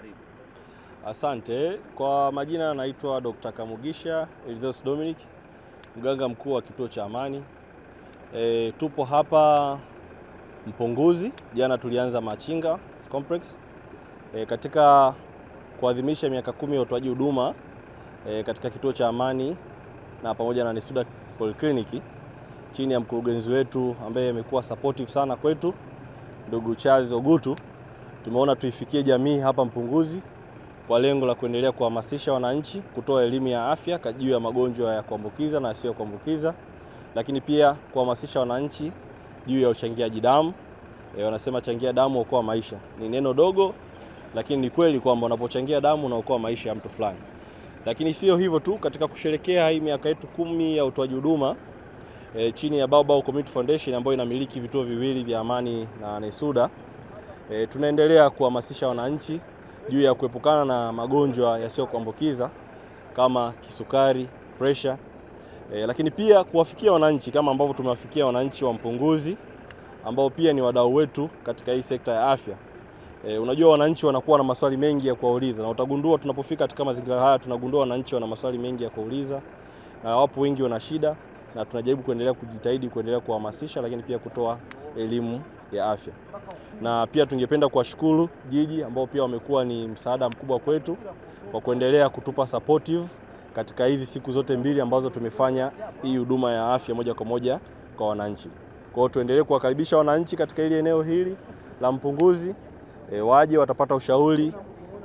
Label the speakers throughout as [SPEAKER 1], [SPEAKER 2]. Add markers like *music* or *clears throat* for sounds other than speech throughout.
[SPEAKER 1] Karibu. Asante. Kwa majina naitwa Dr. Kamugisha Elizeus Dominic, mganga mkuu wa kituo cha Amani. E, tupo hapa Mpunguzi. Jana tulianza Machinga Complex e, katika kuadhimisha miaka kumi ya utoaji huduma e, katika kituo cha Amani na pamoja na Nisuda Polyclinic chini ya mkurugenzi wetu ambaye amekuwa supportive sana kwetu ndugu Charles Ogutu tumeona tuifikie jamii hapa Mpunguzi kwa lengo la kuendelea kuhamasisha wananchi kutoa elimu ya afya juu ya magonjwa ya kuambukiza na yasiyo kuambukiza, lakini pia kuhamasisha wananchi juu ya uchangiaji damu. E, wanasema changia damu okoa maisha. Ni neno dogo, lakini ni kweli kwamba unapochangia damu unaokoa maisha ya mtu fulani. Lakini sio hivyo tu, katika kusherekea hii miaka yetu kumi ya utoaji huduma e, chini ya Baobab Community Foundation ambayo inamiliki vituo viwili vya Amani na Nesuda E, tunaendelea kuhamasisha wananchi juu ya kuepukana na magonjwa yasiyokuambukiza kama kisukari, presha e, lakini pia kuwafikia wananchi kama ambavyo tumewafikia wananchi wa Mpunguzi ambao pia ni wadau wetu katika hii sekta ya afya. E, unajua wananchi wanakuwa na maswali mengi ya kuwauliza na utagundua tunapofika katika mazingira haya tunagundua wananchi wana maswali mengi ya kuuliza na wapo wengi wana shida na tunajaribu kuendelea kujitahidi kuendelea kuhamasisha lakini pia kutoa elimu ya afya na pia tungependa kuwashukuru jiji ambao pia wamekuwa ni msaada mkubwa kwetu kwa kuendelea kutupa supportive katika hizi siku zote mbili ambazo tumefanya hii huduma ya afya moja kwa moja kwa wananchi. Kwa hiyo tuendelee kuwakaribisha wananchi katika hili eneo hili la Mpunguzi e, waje watapata ushauri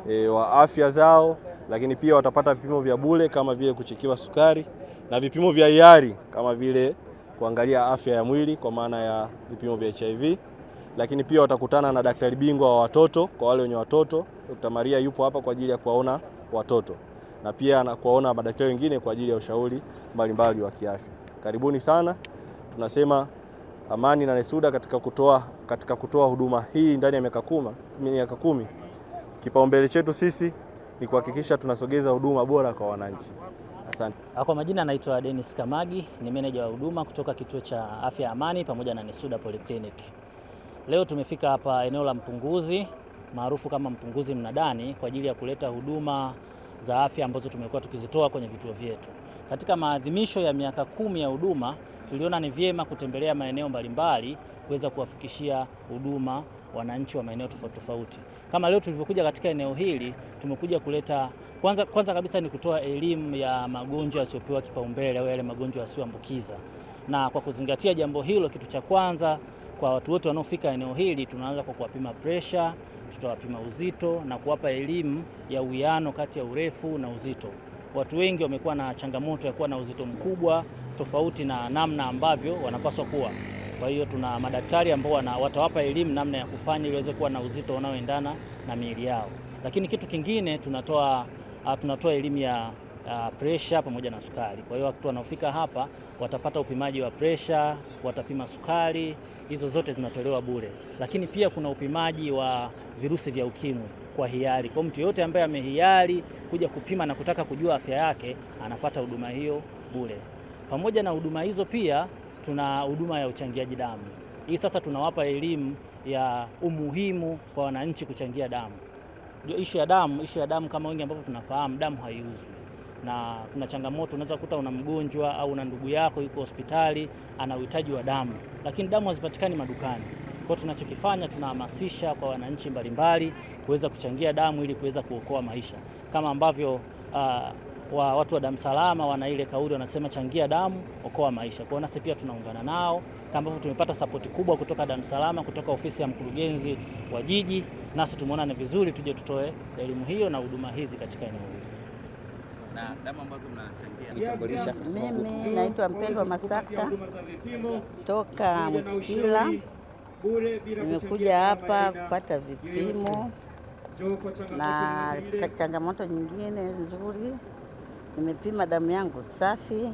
[SPEAKER 1] e, wa afya zao, lakini pia watapata vipimo vya bure kama vile kuchekiwa sukari na vipimo vya hiari kama vile kuangalia afya ya mwili kwa maana ya vipimo vya HIV lakini pia watakutana na daktari bingwa wa watoto kwa wale wenye watoto. Dr. Maria yupo hapa kwa ajili ya kuwaona watoto na pia na kuwaona madaktari wengine kwa ajili ya ushauri mbalimbali wa kiafya. Karibuni sana. Tunasema Amani na Nesuda katika kutoa, katika kutoa huduma hii ndani ya miaka kumi, kipaumbele chetu sisi ni kuhakikisha tunasogeza huduma bora kwa wananchi. Asante.
[SPEAKER 2] Kwa majina anaitwa Dennis Kamagi, ni meneja wa huduma kutoka kituo cha afya Amani pamoja na Nesuda Polyclinic. Leo tumefika hapa eneo la Mpunguzi maarufu kama Mpunguzi Mnadani kwa ajili ya kuleta huduma za afya ambazo tumekuwa tukizitoa kwenye vituo vyetu. Katika maadhimisho ya miaka kumi ya huduma, tuliona ni vyema kutembelea maeneo mbalimbali kuweza kuwafikishia huduma wananchi wa maeneo tofauti tofauti. Kama leo tulivyokuja katika eneo hili, tumekuja kuleta kwanza, kwanza kabisa ni kutoa elimu ya magonjwa yasiyopewa kipaumbele au yale magonjwa yasiyoambukiza, na kwa kuzingatia jambo hilo, kitu cha kwanza kwa watu wote wanaofika eneo hili, tunaanza kwa kuwapima presha, tutawapima uzito na kuwapa elimu ya uwiano kati ya urefu na uzito. Watu wengi wamekuwa na changamoto ya kuwa na uzito mkubwa tofauti na namna ambavyo wanapaswa kuwa. Kwa hiyo tuna madaktari ambao watawapa elimu namna ya kufanya ili waweze kuwa na uzito unaoendana na miili yao. Lakini kitu kingine tunatoa, tunatoa elimu ya uh, presha pamoja na sukari. Kwa hiyo watu wanaofika hapa watapata upimaji wa presha, watapima sukari, hizo zote zinatolewa bure, lakini pia kuna upimaji wa virusi vya ukimwi kwa hiari. Kwa mtu yoyote ambaye amehiari kuja kupima na kutaka kujua afya yake anapata huduma hiyo bure. Pamoja na huduma hizo, pia tuna huduma ya uchangiaji damu. Hii sasa tunawapa elimu ya umuhimu kwa wananchi kuchangia damu. Ndio ishu ya damu, ishu ya damu kama wengi ambavyo tunafahamu, damu haiuzwi na kuna changamoto, unaweza kukuta una mgonjwa au una ndugu yako yuko hospitali ana uhitaji wa damu, lakini damu hazipatikani madukani. Kwa tunachokifanya tunahamasisha kwa wananchi mbalimbali kuweza kuchangia damu ili kuweza kuokoa maisha, kama ambavyo uh, wa watu wa damu salama wana ile kauli wanasema, changia damu okoa maisha. Kwa nasi pia tunaungana nao, kama ambavyo tumepata sapoti kubwa kutoka damu salama, kutoka ofisi ya mkurugenzi wa jiji, nasi tumeona ni vizuri tuje tutoe elimu hiyo na huduma hizi katika eneo hili na damu ambazo mnachangia.
[SPEAKER 3] Mimi naitwa Mpendwa Masaka toka Mtikila, nimekuja hapa kupata vipimo na changamoto nyingine nzuri. Nimepima damu yangu safi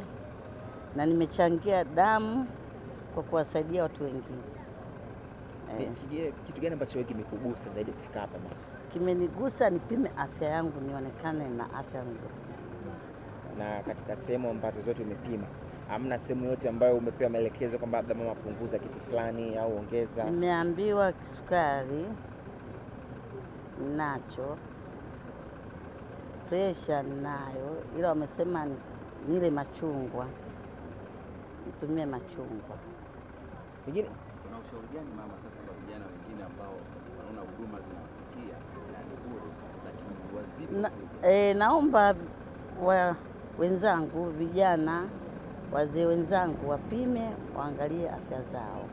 [SPEAKER 3] na nimechangia damu kwa kuwasaidia watu wengine.
[SPEAKER 2] Eh. kitu gani ambacho wewe kimekugusa zaidi kufika hapa?
[SPEAKER 3] Kimenigusa nipime afya yangu nionekane na afya nzuri
[SPEAKER 2] na katika sehemu ambazo zote umepima hamna sehemu yote ambayo umepewa maelekezo kwamba labda mama punguza kitu fulani au ongeza?
[SPEAKER 3] Nimeambiwa kisukari nacho, presha ninayo, ila wamesema nile machungwa, nitumie machungwa.
[SPEAKER 2] Pengine kuna ushauri gani mama sasa kwa vijana wengine ambao wanaona huduma zinawafikia na ni bure lakini wazidi?
[SPEAKER 3] Eh, naomba wa wenzangu, vijana, wazee wenzangu wapime, waangalie afya zao.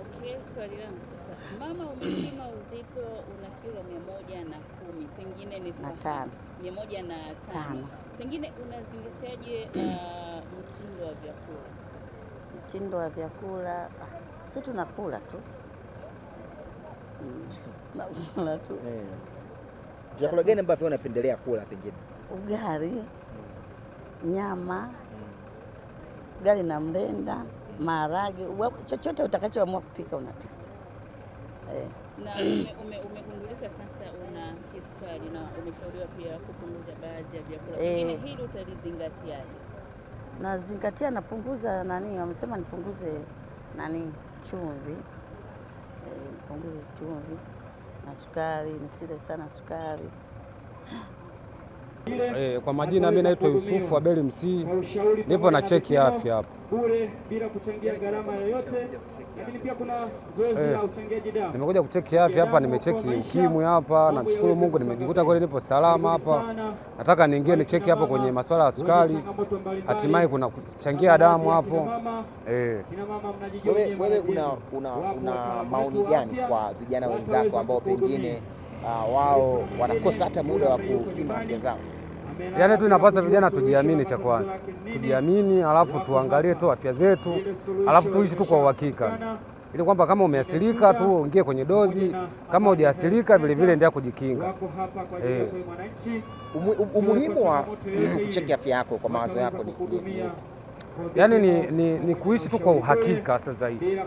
[SPEAKER 4] Okay, swali langu sasa, mama, umepima uzito una kilo mia moja na kumi pengine ni na tano mia moja na tano pengine unazingatiaje uh, mtindo wa vyakula?
[SPEAKER 3] Mtindo wa vyakula ah, si tunakula tu *laughs* mm. *laughs* nakula tu eh.
[SPEAKER 2] Vyakula gani ambavyo unapendelea kula pengine?
[SPEAKER 3] ugali, mm. nyama, ugali mm. na mrenda, maharage, chochote utakachoamua kupika unapika
[SPEAKER 4] eh. Na *clears throat* umegundulika sasa una kisukari na umeshauriwa pia kupunguza baadhi ya vyakula eh. vingine, hili utalizingatiaje?
[SPEAKER 3] Nazingatia, napunguza nani, wamesema nipunguze nani, chumvi, eh, nipunguze chumvi na sukari, nisile sana sukari
[SPEAKER 1] E, kwa majina mimi naitwa Yusufu Abeli Msii, nipo na cheki afya hapa e, nimekuja kucheki afya hapa, nimecheki ukimwi hapa. Namshukuru Mungu nimejikuta kweli nipo salama hapa. Nataka niingie nicheki hapo kwenye masuala ya sukari, hatimaye kuna kuchangia damu hapo e.
[SPEAKER 2] Wewe una, una, una maoni gani kwa vijana wenzako ambao pengine Uh, wao wanakosa hata muda wa kupima afya zao.
[SPEAKER 1] Yaani tu inapasa vijana tujiamini, cha kwanza tujiamini, alafu tuangalie tu afya zetu, alafu tuishi tu kwa uhakika, ili kwamba kama umeasilika tu ungie kwenye dozi, kama hujaasilika vilevile endea kujikinga. Eh,
[SPEAKER 2] umuhimu wa *clears throat* kucheki afya yako kwa mawazo yako ni
[SPEAKER 1] yaani ni, ni, ni kuishi tu kwa uhakika sasa hivi.